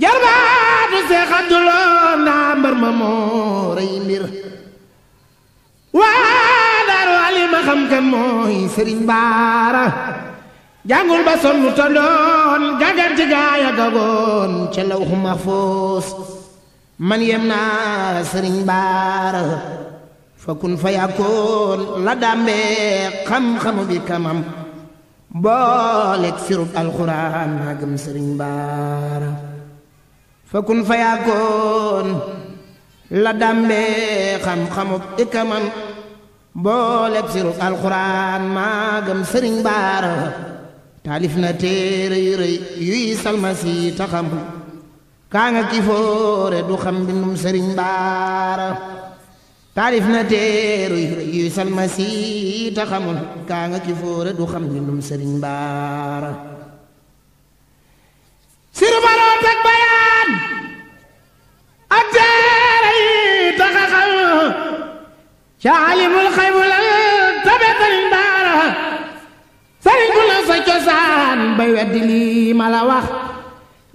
jarbaatu Seex Abdulo naa mbar ma moo rey mbir waa daaru alima xam kan mooy sëriñ baara jàngul ba sonn tondoon gàggar gaaya gagoon ca lawxu mahfuus man yem naa sëriñ baara fa kun fa yàkkoon la dàmbe xam-xamu bi kamam booleeg sirub alxuraan naa gëm sëriñ baara fa fa yàkkoon la dàmbee xam-xamub ikaman booleb sirub alxuraan maagam sëriñ baara taalif na téere yu rëy yuy salmasi taxamul kaa nga kifoore du xam mbindum sëriñ baara taalif na téere yu rëy yuy salmasi taxamul kaa nga kifoore du xam mbindum sëriñ baara ca alimul xaybu la tabe sëriñ daara sëriñ bu la sa cosaan bay weddi lii ma la wax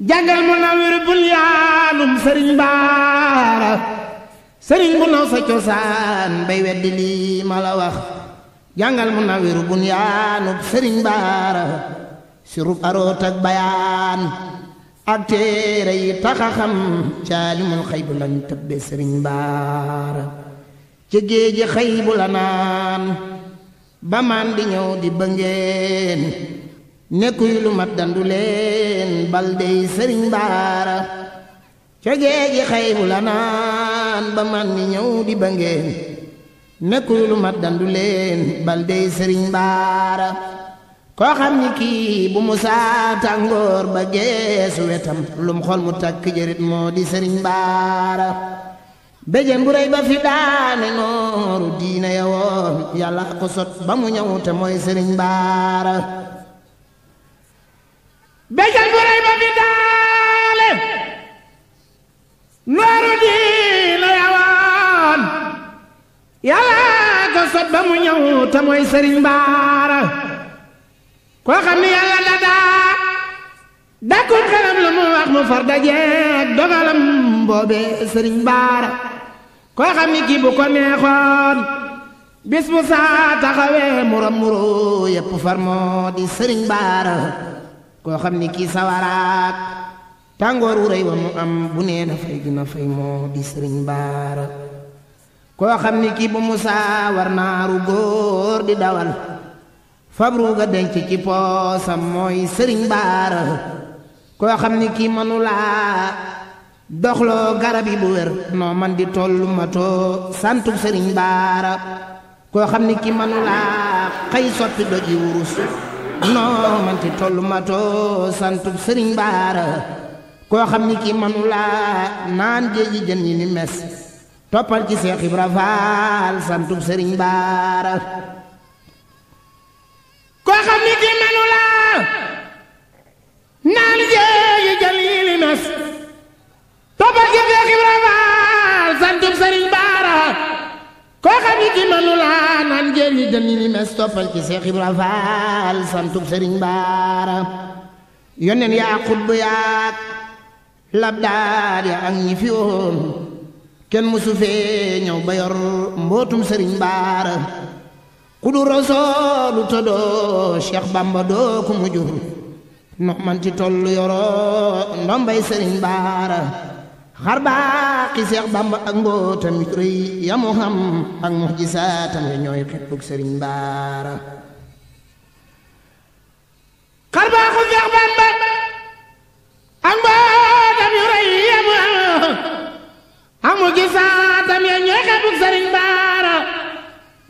jàngal mu nawiru bunyaanum sëriñ baara sëriñ bu la sa cosaan bay weddi lii ma la wax jàngal mu nawiru bunyaanum sëriñ baara sirub aroot ak bayaan ak téere yi taxa xam ca xaybu lañ tëbbe sëriñ baara ca géeje xëy bu la naan ba di ñëw di bëngeen nekkuy lu mat dandu leen bal dey sëriñ baara ca géeje xëy la naan ba maan di ñëw di bëngeen nekkuy lu mat dandu leen bal dey sëriñ baara koo xam ni kii bu musaa tàngoor ba geesu wetam lum xol mu takk jërit moo di sëriñ baara béjjén bu rëy ba fi daane nooru diine ya woon yàlla ko sot ba mu ñëw te sëriñ baara béjjén bu ba fi daane nooru diine ya woon yàlla ko sot ba mu ñëw te sëriñ baara koo xam ni yàlla da daa dàkkul xelam lu wax mu far dajeeg dogalam boobee sëriñ baara koo xam ni kii bu ko neexoon bis bu saa taxawee muram muro yépp far moo di sëriñ baara koo xam ni kii sawaraak tàngoor wu rëy wa mu am bu nee na fay gina fay moo di sëriñ baara koo xam ni kii bu musaa war naaru góor di dawal fabru ga denc ci poosam mooy sëriñ baara koo xam ni kii manulaa doxloo garab yi bu wér noo man di tollu mato santu sëriñ baara koo xam ni ki manulaa xëy soppi doji wurus noo man di tollu mato santu sëriñ baara koo xam ni ki manulaa naan géeji jën yi ni mes toppal ci Seex Ibra Faal sëriñ baara koo xam ni ki manulaa naan barke Seex Ibra Faal santub Sëriñ Baara koo xam ni ki mënu ci Seex Ibra Faal santub Sëriñ Baara yónneen yaa xutbu yaak labdaar ya ak ñi fi woon kenn musu fee ñëw ba mbootum Sëriñ Baara ku du rasoolu tëddoo Cheikh Bamba doo ku mujj no ci tollu yoroo ndombay Sëriñ Baara Kharba ki Seex Bamba ak mbootam yu ya mu xam ak muxjisaatam ya ñooy xeppug Sëriñ Baara xar baaxu Bamba ak mbootam yu ya mu ak muxjisaatam ya ñooy xeppug Sëriñ Baara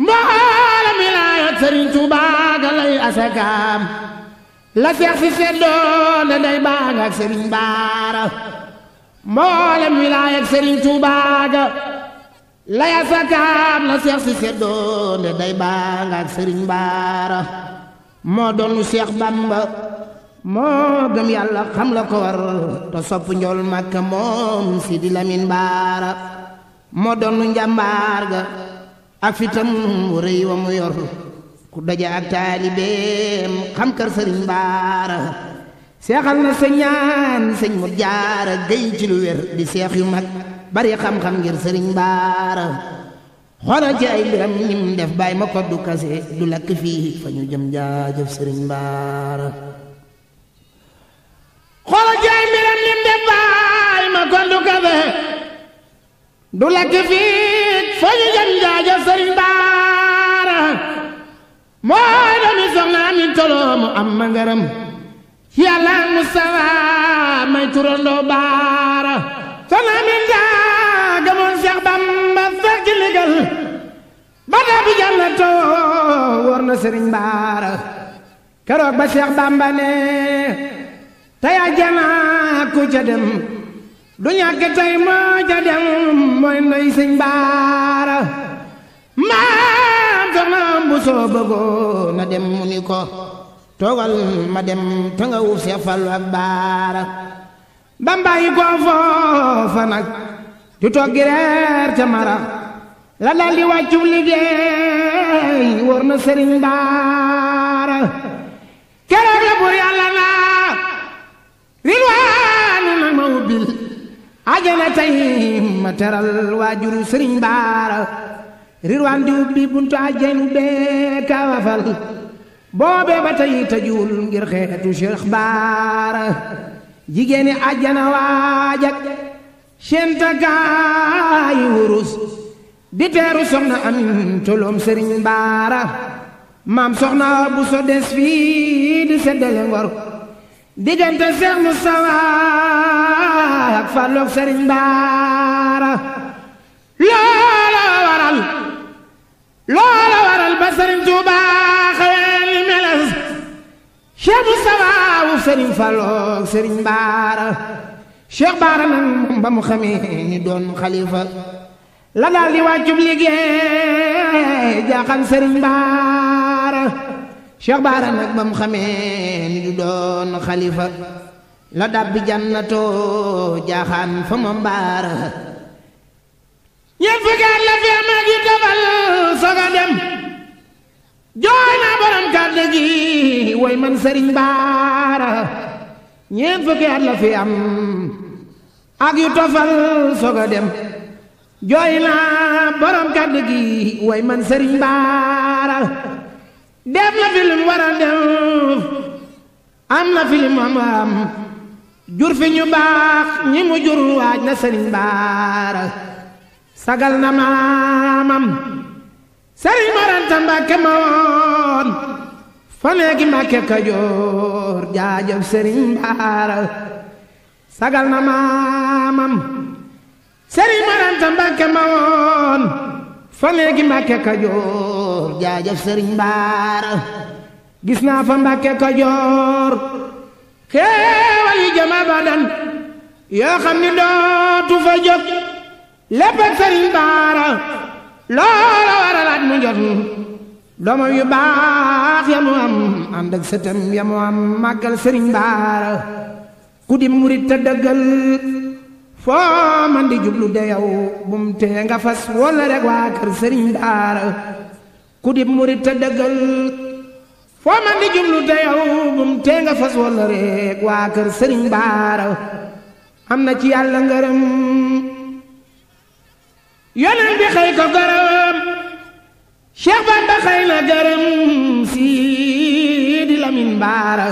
mboolam mi laayoot Sëriñ Tuubaa ga lay asakaam la fi sen do ne day baax ak serigne bara mboolem wilaaya ak Serigne Touba ga la ya sakaam la seex si seddoo ne day baa nga ak Serigne moo doon Seex Bamba moo gëm yàlla xam la ko war te sopp njool Makka moom Sidi Lamin Baara moo doon njàmbaar ga ak fitam wu rëy wa mu yor ku daje ak taalibeem xam kër Serigne Baara. seexal na sa ñaan mu jaara géy ci lu wér di seex yu mag bari xam-xam ngir sëriñ baara xoolal ci ay biram ñim def bàyyi ma ko kase du lakk fii fa ñu jëm jaajëf sëriñ baara mooy doomi soxna mi toloo mu am ma ngaram yàlla nu sawa may turandoo baara fana min daa gamoon Seex Bamba fekk ndigal ba dabi jànnatoo wóor na sëriñ baara keroog ba Seex Bamba ne tey ajjana ku dem du ñàkk tey moo ca dem mooy ndoy sëñ baara maa ko bu soo bëggoo na dem mu ni ko toogal ma dem te nga wuuf ya baara bambayi ko foofa nag du toog gi ca mara la dal di wàccu liggéey wóor na sëriñ baara keroog la bur yàlla na rilwaanu ma ubbil ajana tey ma teral waajuru sëriñ baara rilwaan di ubbi buntu ajanu bee kaawafal boobee ba tey tëjuwul ngir xeetu Cheikh Baara jigéeni àjjana waajak seen takkaayi wurus di teeru soxna amin toloom sëriñ Baara maam soxna bu so des fii di seddale ngor diggante Cheikh Moustapha ak fàlloog sëriñ Baara loola waral loola waral ba sëriñ Tuubaa sëriñ Fallu sëriñ Baara Cheikh Baara nag ba mu xamee ni doon xalifa la daal di wàccub liggéey jaaxal sëriñ Baara Cheikh Baara nag ba mu ni du doon xalifa la dàbbi jannatoo jaaxaan fa Baara ñeent fukki at la fi am ak yu defal a dem jooy naa borom kàddu gi way man sëriñ baara ñeent fukki at la fi am ak yu tofal soog a dem jooy naa borom kàddu gi way man sëriñ baara dem na fi lim a dem am na fi lim jur fi ñu baax ñi mu jur waaj na sëriñ baara sagal na maamam sëriñ Moranta Mbàkke ma woon fa léegi Mbàkke Kajoor jaajëf sëriñ Baara sagal na maamam sëriñ Moranta Mbàkke ma woon fa léegi Mbàkke Kajoor jaajëf sëriñ Baara gis naa fa Kajoor xéewal yi jëm abadan yoo xam ni dootu fa jóg lépp ak sëriñ loola waralaat mu jot doomam yu baax ya mu am ànd ak sëtam am màggal sëriñ baara ku di murit dëggal foo man di jublu de bum tee nga fas wala rek waa kër sëriñ baara ku di murit dëggal foo man di jublu de bum tee nga fas wala rek waa kër sëriñ baara am na ci yàlla ngërëm yonent bi xëy ko garam Cheikh Bamba xëy na garam Sidi Lamine Baara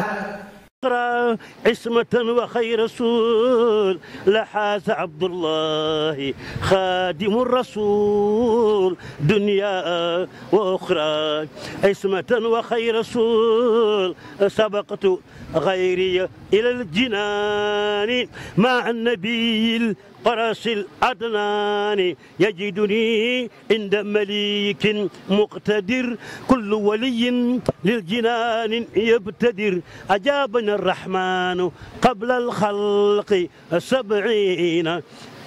أقرأ عصمة وخير رسول لحاز عبد الله خادم الرسول دنيا وأخرى عصمة وخير رسول سبقت غيري إلى الجنان مع النبي قرص الأدنان يجدني عند مليك مقتدر كل ولي للجنان يبتدر أجابنا الرحمن قبل الخلق سبعين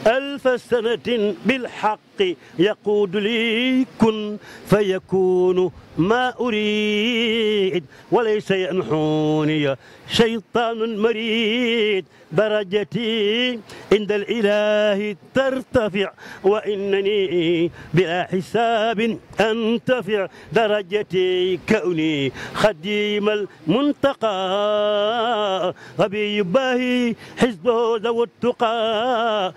ألف سنة بالحق يقود لي كن فيكون ما أريد وليس ينحوني شيطان مريد درجتي عند الإله ترتفع وإنني بلا حساب أنتفع درجتي كوني خديم المنتقى غبي باهي حزبه ذو التقى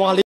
soir